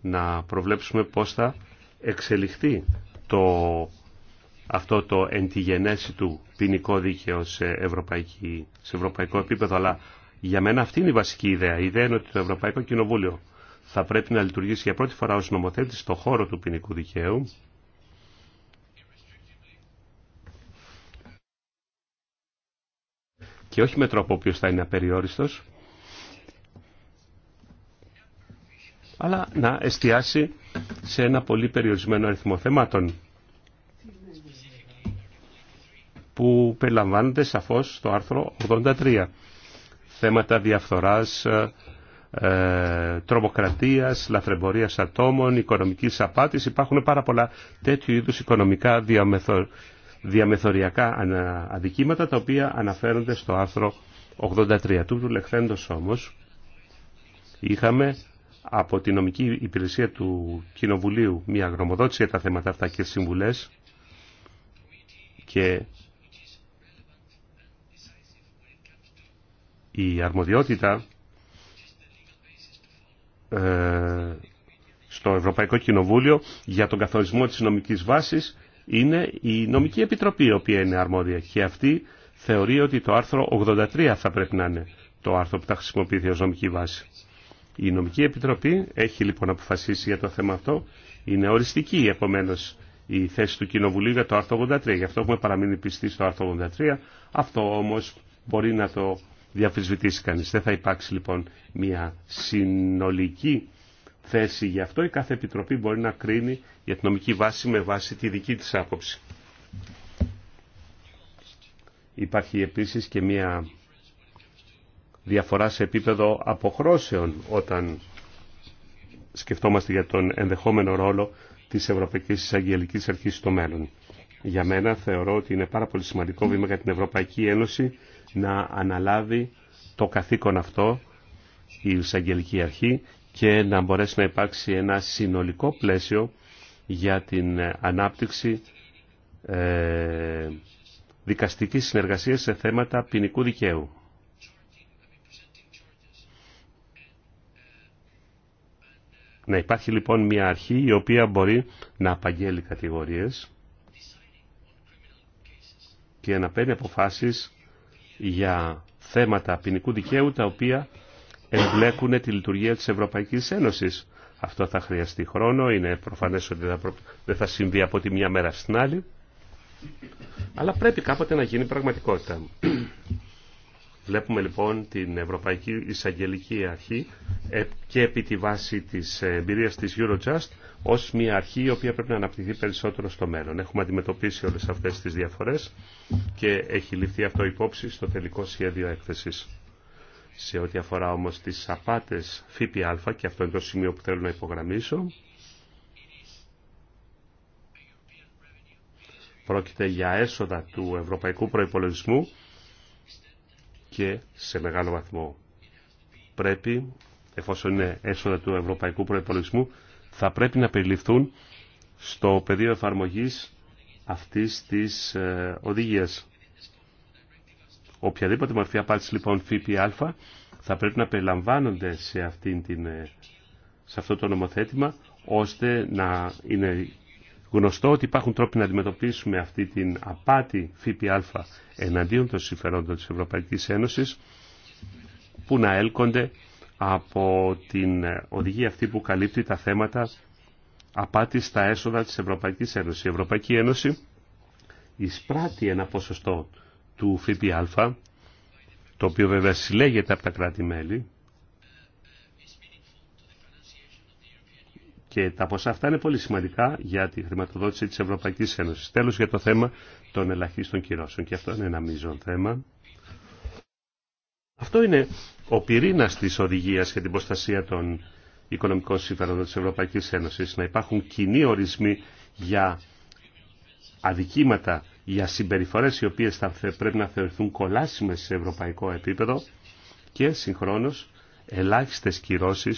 Speaker 1: να προβλέψουμε πώς θα εξελιχθεί το, αυτό το εν του ποινικό δίκαιο σε, σε ευρωπαϊκό επίπεδο. Αλλά για μένα αυτή είναι η βασική ιδέα. Η ιδέα είναι ότι το Ευρωπαϊκό Κοινοβούλιο θα πρέπει να λειτουργήσει για πρώτη φορά ως νομοθέτης στο χώρο του ποινικού δικαίου και όχι με τρόπο ο οποίος θα είναι απεριόριστος αλλά να εστιάσει σε ένα πολύ περιορισμένο αριθμό θεμάτων που περιλαμβάνεται σαφώς στο άρθρο 83. Θέματα διαφθοράς, ε, τρομοκρατίας, λαθρεμπορίας ατόμων, οικονομικής απάτης. Υπάρχουν πάρα πολλά τέτοιου είδους οικονομικά διαμεθοριακά αδικήματα τα οποία αναφέρονται στο άρθρο 83 του Λεχθέντος όμως. Είχαμε από την νομική υπηρεσία του Κοινοβουλίου μια γνωμοδότηση για τα θέματα αυτά και συμβουλές και η αρμοδιότητα ε, στο Ευρωπαϊκό Κοινοβούλιο για τον καθορισμό της νομικής βάσης είναι η νομική επιτροπή η οποία είναι αρμόδια και αυτή θεωρεί ότι το άρθρο 83 θα πρέπει να είναι το άρθρο που θα χρησιμοποιηθεί ως νομική βάση. Η νομική επιτροπή έχει λοιπόν αποφασίσει για το θέμα αυτό. Είναι οριστική επομένω η θέση του Κοινοβουλίου για το άρθρο 83. Γι' αυτό έχουμε παραμείνει πιστοί στο άρθρο 83. Αυτό όμως μπορεί να το διαφυσβητήσει κανείς. Δεν θα υπάρξει λοιπόν μια συνολική θέση γι' αυτό. Η κάθε επιτροπή μπορεί να κρίνει για την βάση με βάση τη δική της άποψη. Υπάρχει επίσης και μια διαφορά σε επίπεδο αποχρώσεων όταν σκεφτόμαστε για τον ενδεχόμενο ρόλο της Ευρωπαϊκής Αγγελικής Αρχής στο μέλλον. Για μένα θεωρώ ότι είναι πάρα πολύ σημαντικό βήμα για την Ευρωπαϊκή Ένωση να αναλάβει το καθήκον αυτό η εισαγγελική αρχή και να μπορέσει να υπάρξει ένα συνολικό πλαίσιο για την ανάπτυξη ε, δικαστικής συνεργασίας σε θέματα ποινικού δικαίου. Να υπάρχει λοιπόν μια αρχή η οποία μπορεί να απαγγέλει κατηγορίες και να παίρνει αποφάσεις για θέματα ποινικού δικαίου τα οποία εμπλέκουν τη λειτουργία της Ευρωπαϊκής Ένωσης. Αυτό θα χρειαστεί χρόνο, είναι προφανές ότι δεν θα συμβεί από τη μια μέρα στην άλλη, αλλά πρέπει κάποτε να γίνει πραγματικότητα. Βλέπουμε λοιπόν την Ευρωπαϊκή Εισαγγελική Αρχή ε, και επί τη βάση της ε, εμπειρία της Eurojust ως μια αρχή η οποία πρέπει να αναπτυχθεί περισσότερο στο μέλλον. Έχουμε αντιμετωπίσει όλες αυτές τις διαφορές και έχει ληφθεί αυτό υπόψη στο τελικό σχέδιο έκθεση Σε ό,τι αφορά όμως τις απάτες ΦΠΑ και αυτό είναι το σημείο που θέλω να υπογραμμίσω, πρόκειται για έσοδα του ευρωπαϊκού προϋπολογισμού και σε μεγάλο βαθμό πρέπει, εφόσον είναι έσοδα του ευρωπαϊκού προϋπολογισμού, θα πρέπει να περιληφθούν στο πεδίο εφαρμογής αυτής της ε, οδηγίας. Οποιαδήποτε μορφή απάτηση λοιπόν ΦΠΑ θα πρέπει να περιλαμβάνονται σε, αυτήν την, ε, σε αυτό το νομοθέτημα ώστε να είναι γνωστό ότι υπάρχουν τρόποι να αντιμετωπίσουμε αυτή την απάτη ΦΠΑ εναντίον των συμφερόντων της Ευρωπαϊκής Ένωσης που να έλκονται από την οδηγία αυτή που καλύπτει τα θέματα απάτη στα έσοδα της Ευρωπαϊκής Ένωσης. Η Ευρωπαϊκή Ένωση εισπράττει ένα ποσοστό του ΦΠΑ, το οποίο βέβαια συλλέγεται από τα κράτη-μέλη, και τα ποσά αυτά είναι πολύ σημαντικά για τη χρηματοδότηση της Ευρωπαϊκής Ένωσης. Τέλος για το θέμα των ελαχίστων κυρώσεων και αυτό είναι ένα μείζον θέμα. Αυτό είναι ο πυρήνα τη οδηγία για την προστασία των οικονομικών συμφερόντων τη Ευρωπαϊκή Ένωση. Να υπάρχουν κοινοί ορισμοί για αδικήματα, για συμπεριφορέ οι οποίε θα πρέπει να θεωρηθούν κολάσιμε σε ευρωπαϊκό επίπεδο και συγχρόνω ελάχιστε κυρώσει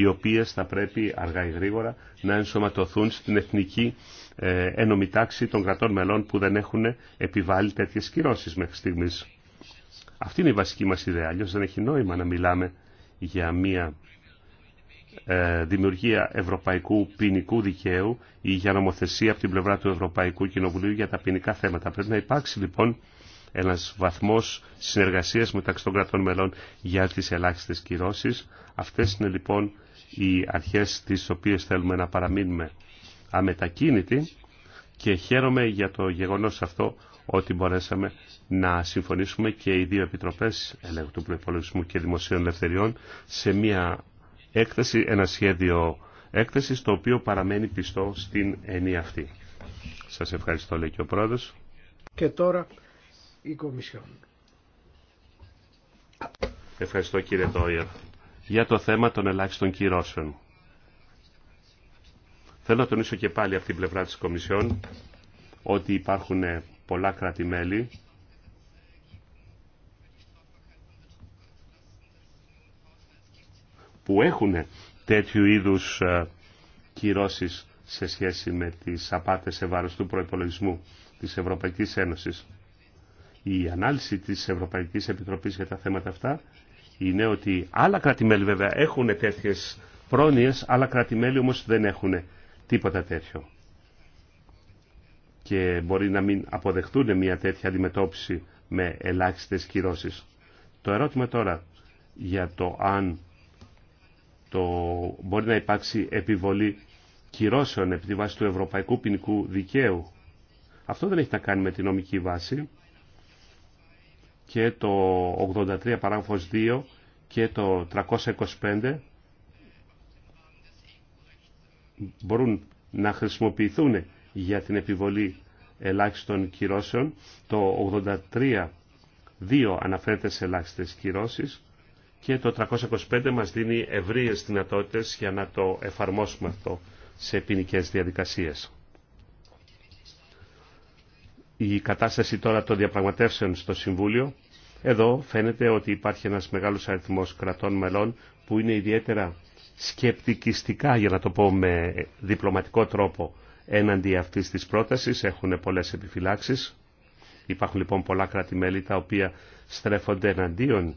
Speaker 1: οι οποίες θα πρέπει αργά ή γρήγορα να ενσωματωθούν στην εθνική ε, ένωμη τάξη των κρατών μελών που δεν έχουν επιβάλει τέτοιες κυρώσεις μέχρι στιγμής. Αυτή είναι η βασική μας ιδέα, αλλιώς δεν έχει νόημα να μιλάμε για μια ε, δημιουργία ευρωπαϊκού ποινικού δικαίου ή για νομοθεσία από την πλευρά του Ευρωπαϊκού Κοινοβουλίου για τα ποινικά θέματα. Πρέπει να υπάρξει λοιπόν ένας βαθμός συνεργασίας μεταξύ των κρατών μελών για τις ελάχιστες κυρώσει, Αυτές είναι λοιπόν οι αρχές τις οποίες θέλουμε να παραμείνουμε αμετακίνητοι και χαίρομαι για το γεγονός αυτό ότι μπορέσαμε να συμφωνήσουμε και οι δύο επιτροπές ελέγχου του προπολογισμού και δημοσίων ελευθεριών σε μια έκθεση, ένα σχέδιο έκθεση το οποίο παραμένει πιστό στην ενή αυτή. Σας ευχαριστώ λέει και ο πρόεδρος.
Speaker 3: Και τώρα η Κομισιόν.
Speaker 1: Ευχαριστώ κύριε Τόιερ για το θέμα των ελάχιστων κυρώσεων. Θέλω να τονίσω και πάλι από την πλευρά της Κομισιόν ότι υπάρχουν ε, πολλά κράτη-μέλη που έχουν τέτοιου είδους ε, κυρώσεις σε σχέση με τις απάτες σε βάρος του προϋπολογισμού της Ευρωπαϊκής Ένωσης. Η ανάλυση της Ευρωπαϊκής Επιτροπής για τα θέματα αυτά είναι ότι άλλα βέβαια έχουν τέτοιες πρόνοιες, άλλα κράτη-μέλη όμως δεν έχουν τίποτα τέτοιο. Και μπορεί να μην αποδεχτούν μια τέτοια αντιμετώπιση με ελάχιστες κυρώσεις. Το ερώτημα τώρα για το αν το μπορεί να υπάρξει επιβολή κυρώσεων επί τη βάση του Ευρωπαϊκού Ποινικού Δικαίου. Αυτό δεν έχει να κάνει με τη νομική βάση, και το 83 παράγραφος 2 και το 325 μπορούν να χρησιμοποιηθούν για την επιβολή ελάχιστων κυρώσεων. Το 83 2 αναφέρεται σε ελάχιστες κυρώσεις και το 325 μας δίνει ευρείες δυνατότητες για να το εφαρμόσουμε αυτό σε ποινικέ διαδικασίες η κατάσταση τώρα των διαπραγματεύσεων στο Συμβούλιο, εδώ φαίνεται ότι υπάρχει ένας μεγάλος αριθμός κρατών μελών που είναι ιδιαίτερα σκεπτικιστικά, για να το πω με διπλωματικό τρόπο, έναντι αυτής της πρότασης, έχουν πολλές επιφυλάξεις. Υπάρχουν λοιπόν πολλά κράτη-μέλη τα οποία στρέφονται εναντίον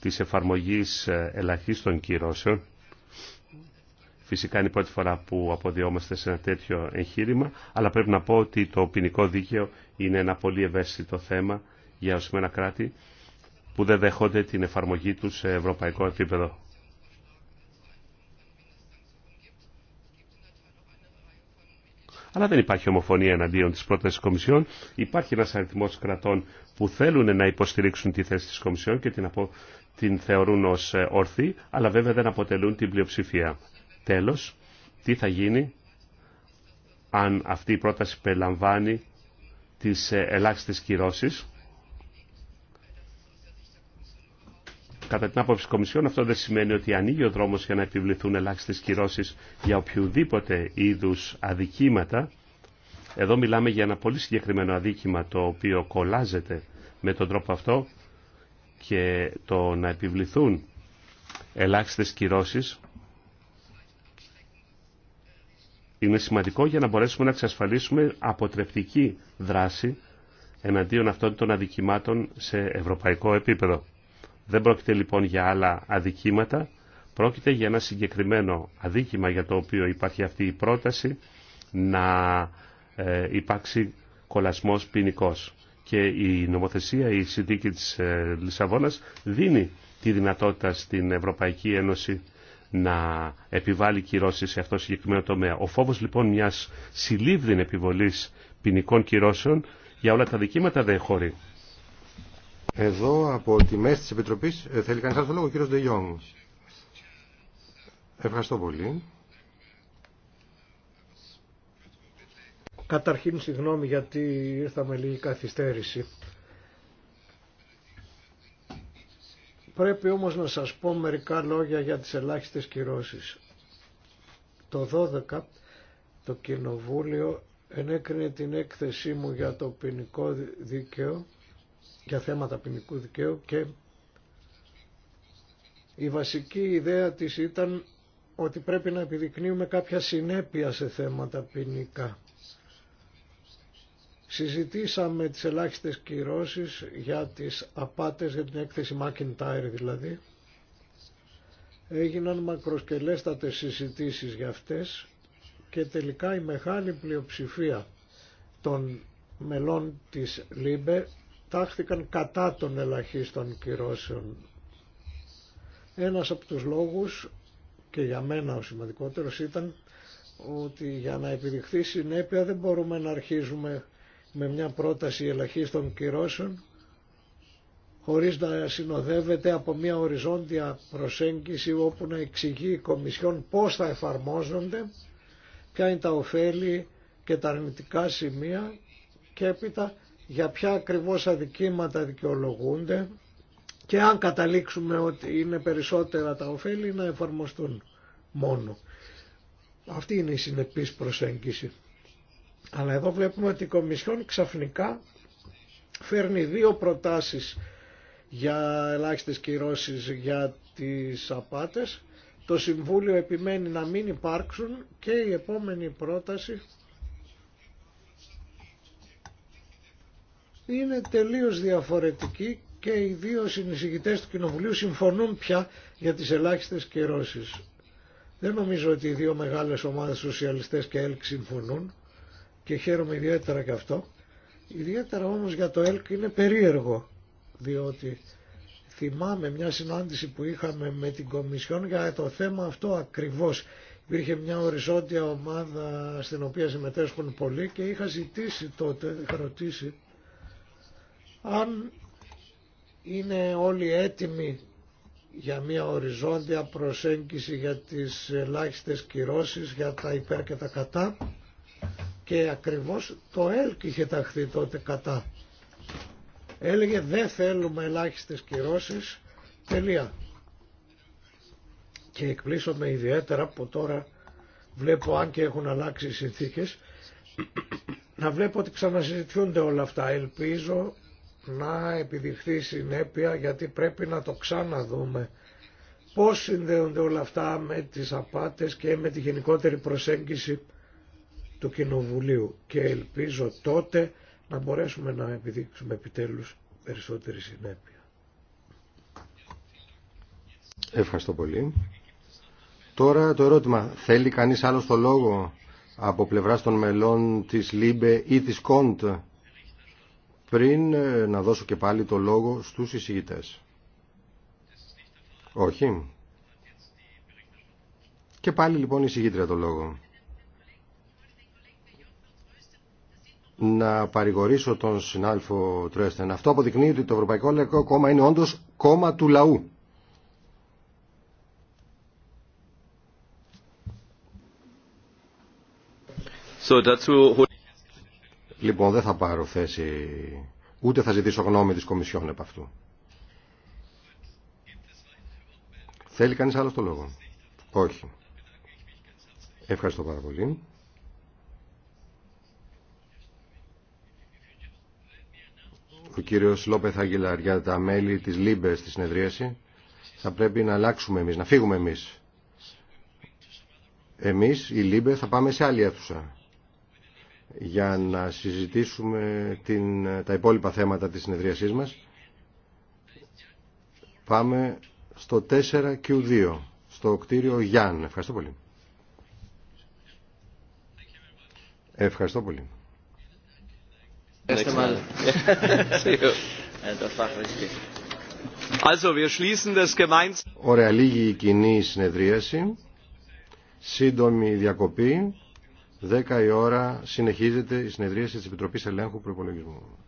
Speaker 1: της εφαρμογής ε, ελαχίστων κυρώσεων. Φυσικά είναι η πρώτη φορά που αποδιόμαστε σε ένα τέτοιο εγχείρημα, αλλά πρέπει να πω ότι το ποινικό δίκαιο είναι ένα πολύ ευαίσθητο θέμα για ορισμένα κράτη που δεν δέχονται την εφαρμογή του σε ευρωπαϊκό επίπεδο. Αλλά δεν υπάρχει ομοφωνία εναντίον της πρόταση της Κομισιόν. Υπάρχει ένας αριθμός κρατών που θέλουν να υποστηρίξουν τη θέση της Κομισιόν και την, απο... την θεωρούν ως ε, ορθή, αλλά βέβαια δεν αποτελούν την πλειοψηφία. Τέλος, τι θα γίνει αν αυτή η πρόταση περιλαμβάνει τις ε, ελάχιστες κυρώσεις. Κατά την άποψη της Κομισιόν αυτό δεν σημαίνει ότι ανοίγει ο δρόμος για να επιβληθούν ελάχιστες κυρώσεις για οποιοδήποτε είδους αδικήματα. Εδώ μιλάμε για ένα πολύ συγκεκριμένο αδίκημα το οποίο κολλάζεται με τον τρόπο αυτό και το να επιβληθούν ελάχιστες κυρώσεις είναι σημαντικό για να μπορέσουμε να εξασφαλίσουμε αποτρεπτική δράση εναντίον αυτών των αδικημάτων σε ευρωπαϊκό επίπεδο. Δεν πρόκειται λοιπόν για άλλα αδικήματα, πρόκειται για ένα συγκεκριμένο αδίκημα για το οποίο υπάρχει αυτή η πρόταση να ε, υπάρξει κολασμός ποινικό. Και η νομοθεσία, η συνθήκη της ε, Λισαβόνας δίνει τη δυνατότητα στην Ευρωπαϊκή Ένωση να επιβάλλει κυρώσει σε αυτό το συγκεκριμένο τομέα. Ο φόβος λοιπόν μιας συλλήβδην επιβολής ποινικών κυρώσεων για όλα τα δικήματα δεν χωρεί. Εδώ
Speaker 2: από τη μέση της Επιτροπής ε, θέλει κανείς άλλο λόγο, ο κύριος Ντεγιόν. Ευχαριστώ πολύ.
Speaker 3: Καταρχήν συγγνώμη γιατί ήρθα με λίγη καθυστέρηση. Πρέπει όμως να σας πω μερικά λόγια για τις ελάχιστες κυρώσεις. Το 12 το Κοινοβούλιο ενέκρινε την έκθεσή μου για το ποινικό δίκαιο, για θέματα ποινικού δικαίου και η βασική ιδέα της ήταν ότι πρέπει να επιδεικνύουμε κάποια συνέπεια σε θέματα ποινικά. Συζητήσαμε τις ελάχιστες κυρώσεις για τις απάτες, για την έκθεση McIntyre δηλαδή. Έγιναν μακροσκελέστατες συζητήσεις για αυτές και τελικά η μεγάλη πλειοψηφία των μελών της ΛΥΜΠΕ τάχθηκαν κατά των ελαχίστων κυρώσεων. Ένας από τους λόγους και για μένα ο σημαντικότερος ήταν ότι για να επιδειχθεί συνέπεια δεν μπορούμε να αρχίζουμε με μια πρόταση ελαχίστων κυρώσεων χωρίς να συνοδεύεται από μια οριζόντια προσέγγιση όπου να εξηγεί η Κομισιόν πώς θα εφαρμόζονται, ποια είναι τα ωφέλη και τα αρνητικά σημεία και έπειτα για ποια ακριβώς αδικήματα δικαιολογούνται και αν καταλήξουμε ότι είναι περισσότερα τα ωφέλη να εφαρμοστούν μόνο. Αυτή είναι η συνεπής προσέγγιση. Αλλά εδώ βλέπουμε ότι η Κομισιόν ξαφνικά φέρνει δύο προτάσεις για ελάχιστες κυρώσεις για τις απάτες. Το Συμβούλιο επιμένει να μην υπάρξουν και η επόμενη πρόταση είναι τελείως διαφορετική και οι δύο συνεισηγητές του Κοινοβουλίου συμφωνούν πια για τις ελάχιστες κυρώσεις. Δεν νομίζω ότι οι δύο μεγάλες ομάδες σοσιαλιστές και ΕΛΚ συμφωνούν και χαίρομαι ιδιαίτερα γι' αυτό. Ιδιαίτερα όμως για το ΕΛΚ είναι περίεργο, διότι θυμάμαι μια συνάντηση που είχαμε με την Κομισιόν για το θέμα αυτό ακριβώς. Υπήρχε μια οριζόντια ομάδα στην οποία συμμετέσχουν πολλοί και είχα ζητήσει τότε, είχα ρωτήσει, αν είναι όλοι έτοιμοι για μια οριζόντια προσέγγιση για τις ελάχιστες κυρώσεις, για τα υπέρ και τα κατά και ακριβώς το ΕΛΚ είχε ταχθεί τότε κατά. Έλεγε δεν θέλουμε ελάχιστες κυρώσεις, τελεία. Και με ιδιαίτερα που τώρα βλέπω αν και έχουν αλλάξει οι συνθήκες να βλέπω ότι ξανασυζητιούνται όλα αυτά. Ελπίζω να επιδειχθεί συνέπεια γιατί πρέπει να το ξαναδούμε. Πώς συνδέονται όλα αυτά με τις απάτες και με τη γενικότερη προσέγγιση του Κοινοβουλίου και ελπίζω τότε να μπορέσουμε να επιδείξουμε επιτέλους περισσότερη συνέπεια.
Speaker 2: Ευχαριστώ πολύ. Τώρα το ερώτημα, θέλει κανείς άλλο το λόγο από πλευράς των μελών της ΛΥΜΠΕ ή της ΚΟΝΤ πριν ε, να δώσω και πάλι το λόγο στους εισηγητές. Όχι. Και πάλι λοιπόν η εισηγήτρια το λόγο. να παρηγορήσω τον συνάλφο Τρέστεν. Αυτό αποδεικνύει ότι το Ευρωπαϊκό Λαϊκό Κόμμα είναι όντως κόμμα του λαού.
Speaker 1: So,
Speaker 2: Λοιπόν, δεν θα πάρω θέση, ούτε θα ζητήσω γνώμη της Κομισιόν επ' αυτού. Θέλει κανείς άλλο το λόγο. Όχι. Ευχαριστώ πάρα πολύ. ο κύριος Λόπεθ Αγγελαρ για τα μέλη της ΛΥΜΠΕ στη συνεδρίαση, θα πρέπει να αλλάξουμε εμείς, να φύγουμε εμείς. Εμείς, η ΛΥΜΠΕ, θα πάμε σε άλλη αίθουσα για να συζητήσουμε την, τα υπόλοιπα θέματα της συνεδρίασής μας. Πάμε στο 4Q2, στο κτίριο Γιάν. Ευχαριστώ πολύ. Ευχαριστώ πολύ. Ωραία, λίγη η κοινή συνεδρίαση. Σύντομη διακοπή. 10 η ώρα συνεχίζεται η συνεδρίαση της Επιτροπής Ελέγχου Προπολογισμού.